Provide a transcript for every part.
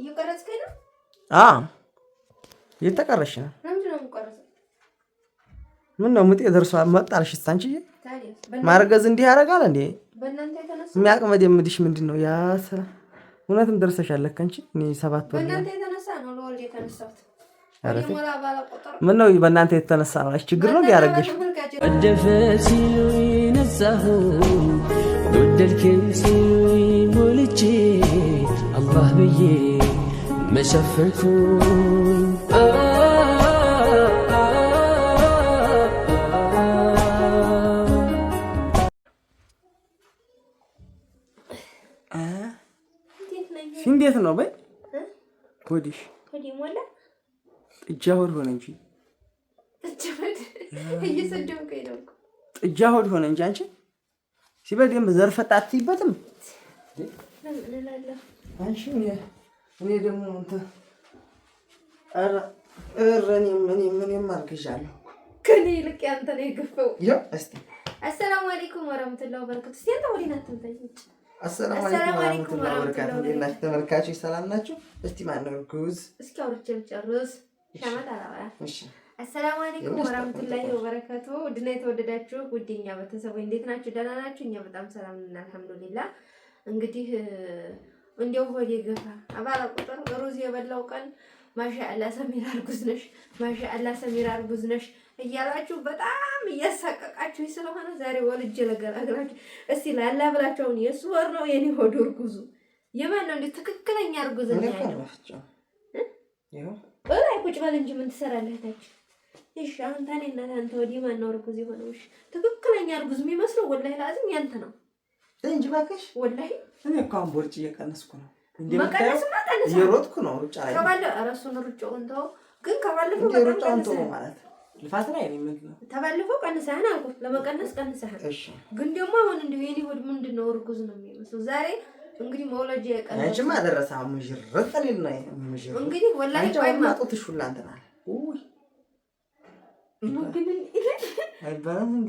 እየቀረጽከኝ ነው? አዎ እየተቀረሽ ነው። ምን ነው ምጤ ደርሶ መጣልሽ? ማርገዝ እንዲህ ያደርጋል እንዴ? የሚያቅመድ የምድሽ ምንድን ነው? ያ ስራ እውነትም ደርሰሻል ለካ ሰባት ወር ምን ነው በእናንተ የተነሳ ነው? ችግር ነው ያደረገሽ። ወደፈ ሲሉ ነጻሁ ወደልከኝ ሲሉ ሞልቼ አላህ ብዬ መሸፈንኩኝ እንዴት ነው በይ ሆዲሽ ጥጃ ሆድ ሆነ እንጂ ጥጃ ሆድ ሆነ እንጂ አንቺ ሲበል ግን ዘርፈጣ አትይበትም አንቺ እኔ ደግሞ እንትን እረኔ ምን ምን አርግዣለሁ ከኔ ይልቅ ያንተ ነው የገፈው። እስቲ አሰላሙ አለይኩም ወበረካቱ። አንተ አሰላሙ አለይኩም ወበረካቱ። ተመልካቾች ሰላም ናችሁ? ጉዝ? እስኪ አውርቼ ልጨርስ። አሰላሙ አለይኩም ወበረካቱ። ድና የተወደዳችሁ ውድ ቤተሰቦች እንዴት ናችሁ? ደህና ናችሁ? እኛ በጣም ሰላም ነን አልሐምዱሊላህ። እንግዲህ እንዲያው ሆዴ ገፋ አባለ ቁጥር ሩዝ የበላው ቀን ማሻአላ ሰሚራ እርጉዝ ነሽ፣ ማሻአላ ሰሚራ እርጉዝ ነሽ እያላችሁ በጣም እያሳቀቃችሁ ስለሆነ ዛሬ ወልጅ ለገላግላችሁ እስቲ ላላ ብላቸውን አሁን የእሱ ወር ነው የኔ ሆዱ እርጉዙ የማን ነው? እንዴት ትክክለኛ እርጉዝ ነው ያለው? እላይ ቁጭ በል እንጂ ምን ትሰራለህ ታች? እሺ አሁን ታኔና ታንተ ወዲህ ማን ነው እርጉዝ የሆነው? እሺ ትክክለኛ እርጉዝ የሚመስለው ወላሂ ላዝም ያንተ ነው። እንጂ እባክሽ ወላሂ እኔ እኮ አሁን ቦርጭ እየቀነስኩ ነው፣ እየሮጥኩ ነው። ልፋት ላይ ተባለፈው ቀንሰህን አልኩህ፣ ለመቀነስ ቀንሰህን። ግን ደግሞ አሁን እንዲሁ የኔ ሆድ ምንድን ነው እርጉዝ ነው የሚመስለው ዛሬ እንግዲህ መውለጃ የቀነችም አደረሰ ምርጥ ሌል ነው እንግዲህ ወላሂ ጡትሽ ሁላ እንትን አለ አይባልም እንዴ?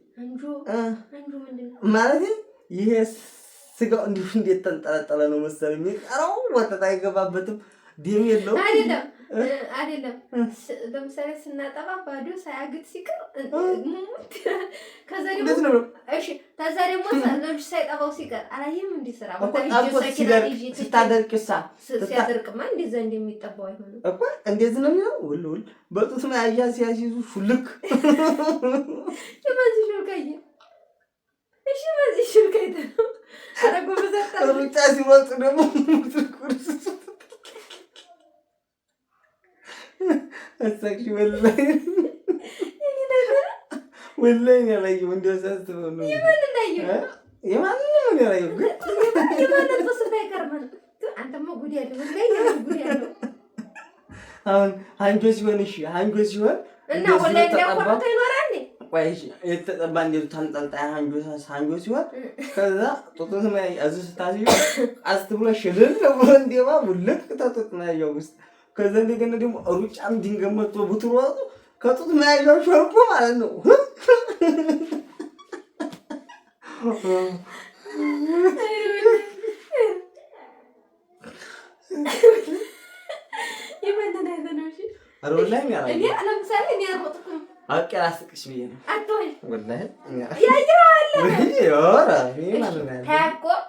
ማለት ይሄ ስጋው እንዲሁ እንዴት ተንጠለጠለ ነው መሰለኝ። የሚቀረው ወተት አይገባበትም፣ ደም የለውም። አይደለም ለምሳሌ ስናጠባ ባዶ ሳያግጥ ሲቀር ከዛ ከዛ ደግሞ ለምሽ ሳይጠባው ሲቀር አላየም። እንዲ ስራ ሲያደርቅማ እንደዛ እንደሚጠባው አይሆንም እኮ እንደዚህ ነው የሚሆን። ውል ውል በጡት መያዣ ሲያስይዙ ሹልክ በዚህ ሹልካየ እሺ በዚህ ሹልካይተ ሩጫ ሲሮጥ ደግሞ ቁርስ አሳቅሽ ወላሂ ወላሂ እኔ አላየሁም። እንደው ሳስበው ነው ያላየሁም ግን አሁን አንጆ ሲሆን እሺ፣ አንጆ ሲሆን የተጠባ እንዴቱ ተንጠልጣይ አንጆ ሲሆን ከዛ ጡጡን እዚህ ስታስይው አስት ብሎ ሽልል ብሎ እንዴባ ውልቅ ተጡጥ ነው ያየው ውስጥ ከዛ እንደገና ደግሞ ሩጫም ድንገት መጥቶ ብትሮጡ ከጡት መያዣው ሸርጎ ማለት ነው።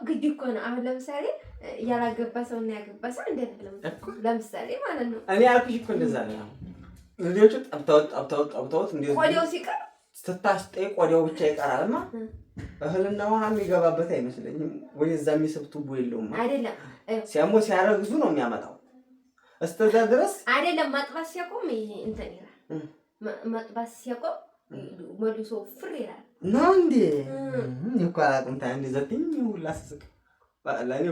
ግድ እኮ ነው አሁን ለምሳሌ ያላገባ ሰው እና ያገባ ሰው እንደ ለምሳሌ ማለት ነው። እኔ አልኩሽ እኮ እንደዛ ነው። ልጆቹ ጠብተውት ጠብተውት ጠብተውት እንዲሁ ቆዳው ሲቀር ስታስጠይ ቆዳው ብቻ ይቀራልና እህልና ውሃ የሚገባበት አይመስለኝም። ወደዛ የሚስብ ቱቦ የለውም አይደለም። ሲያሞ ሲያረግዙ ነው የሚያመጣው። እስከዛ ድረስ አይደለም። ማጥባት ሲያቆም ይሄ እንትን ይላል። ማጥባት ሲያቆም መልሶ ፍር ይላል። ነው እንዴ? እኮ አላውቅም። ታይ እንዴ ለእኔ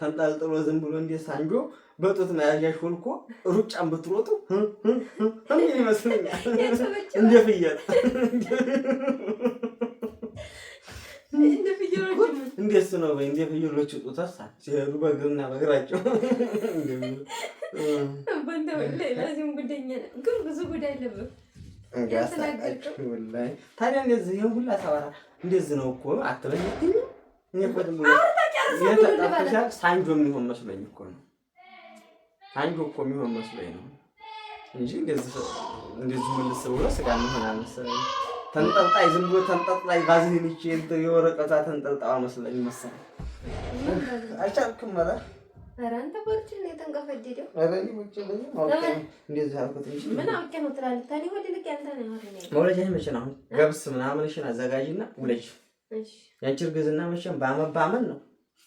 ተንጠልጥሎ ዝም ብሎ እንዴት ሳንጆ በጡት መያዣሽ ሁልኮ ሩጫን ብትሮጡ እንዲህ ይመስለኛል። እንደ ፍየል እንዴት ነው በይ፣ እንደ ፍየሎች ጡተሳ ሲሄዱ በእግርና በእግራቸው ታዲያ እንደዚህ ሁላ ሰባራ እንደዚህ ነው እኮ አትበኝ። የተጠፈሻል ሳንጆ የሚሆን መስሎኝ እኮ ነው። ሳንጆ እኮ የሚሆን መስሎኝ ነው እንጂ እንደዚህ ምልስ ብሎ ስጋ የሚሆን አልመሰለኝም። ተንጠልጣይ ዝም ብሎ ተንጠልጣይ ባዝሊን ይቺ የወረቀቷ ተንጠልጣዋ መስለኝ መሰለኝ። አልቻልክም መላ አንተ ቆርጭ ነው የተንቀፈደደው። መውለጃ መቼን አሁን ገብስ ምናምንሽን አዘጋጅና ውለጅ። ያንቺ እርግዝና መቼም ነው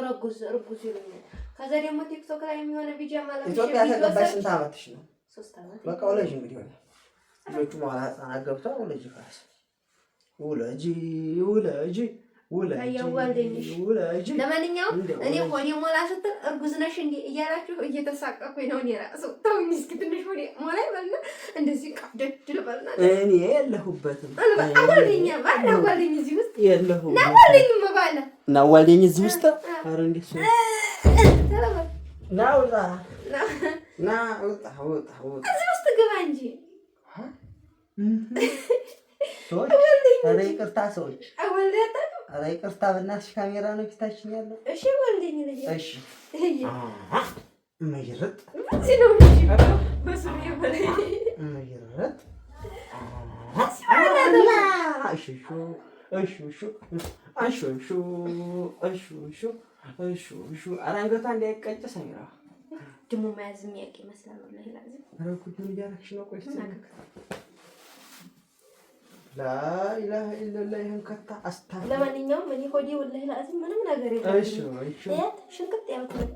እርጉዝ እርጉዝ ይሉኛል። ከዛ ደግሞ ቲክቶክ ላይ የሚሆነ ቪዲዮ ማለት ኢትዮጵያ ተቀባይ ስንት አመትሽ ነው? ሶስት አመት በቃ ወለጅ እንግዲህ ሆነ ልጆቹ መዋላ ህጻናት ገብቷ ወለጅ ራስ ውለጂ ውለጂ ውለጂ። ለማንኛውም እኔ ሆኔ ሞላ ስትል እርጉዝ ነሽ እንዴ እያላችሁ እየተሳቀኩኝ ነው። እኔ ራሱ ተውኝ እስኪ ትንሽ ሆኔ ሞላ ይበልና እንደዚህ ቀደድ ልበልና እኔ የለሁበትም አልበቃ ጓደኛ ባለ ጓደኝ እዚህ ውስጥ የለሁ ና ጓደኝም ባለ ና ጓደኝ እዚህ ውስጥ ይቅርታ ሰዎች፣ ኧረ ይቅርታ በእናትሽ፣ ካሜራ ነው ፊታችን ያለው። እሺ እሺ እሺ። አንገቷ እንዳይቀጭ ሰሚራ ደግሞ መያዝ የሚያውቅ ይመስላል። ምን ላኢላሀ ኢለላህ ይህን ከታ አስታ። ለማንኛውም እኔ ሆዴ ወላሂ ላዚም ምንም ነገር የለም። እሺ ያልኩት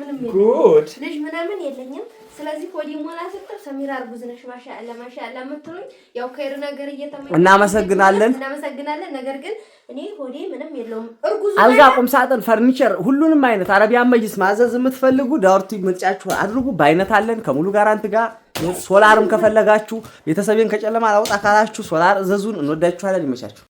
ምንም ጉድ ልጅ ምናምን የለኝም። ስለዚህ ሆዴ ሞላ ስትል ሰሚራ እርጉዝ ነሽ ማሻአላ ማሻአላ የምትሉኝ ያው ከይር ነገር እየተመኝ እናመሰግናለን፣ እናመሰግናለን ነገር ግን እኔ ሆዴ ምንም የለውም። እርጉዝ አብዛ ቁም ሳጥን፣ ፈርኒቸር፣ ሁሉንም አይነት አረቢያን መጅስ ማዘዝ የምትፈልጉ ዳውርቲ ምርጫችሁ አድርጉ። በአይነት አለን ከሙሉ ጋራንት ጋር። ሶላርም ከፈለጋችሁ ቤተሰቤን ከጨለማ ላውጣ ካላችሁ ሶላር እዘዙን። እንወዳችኋለን። ይመቻችሁ።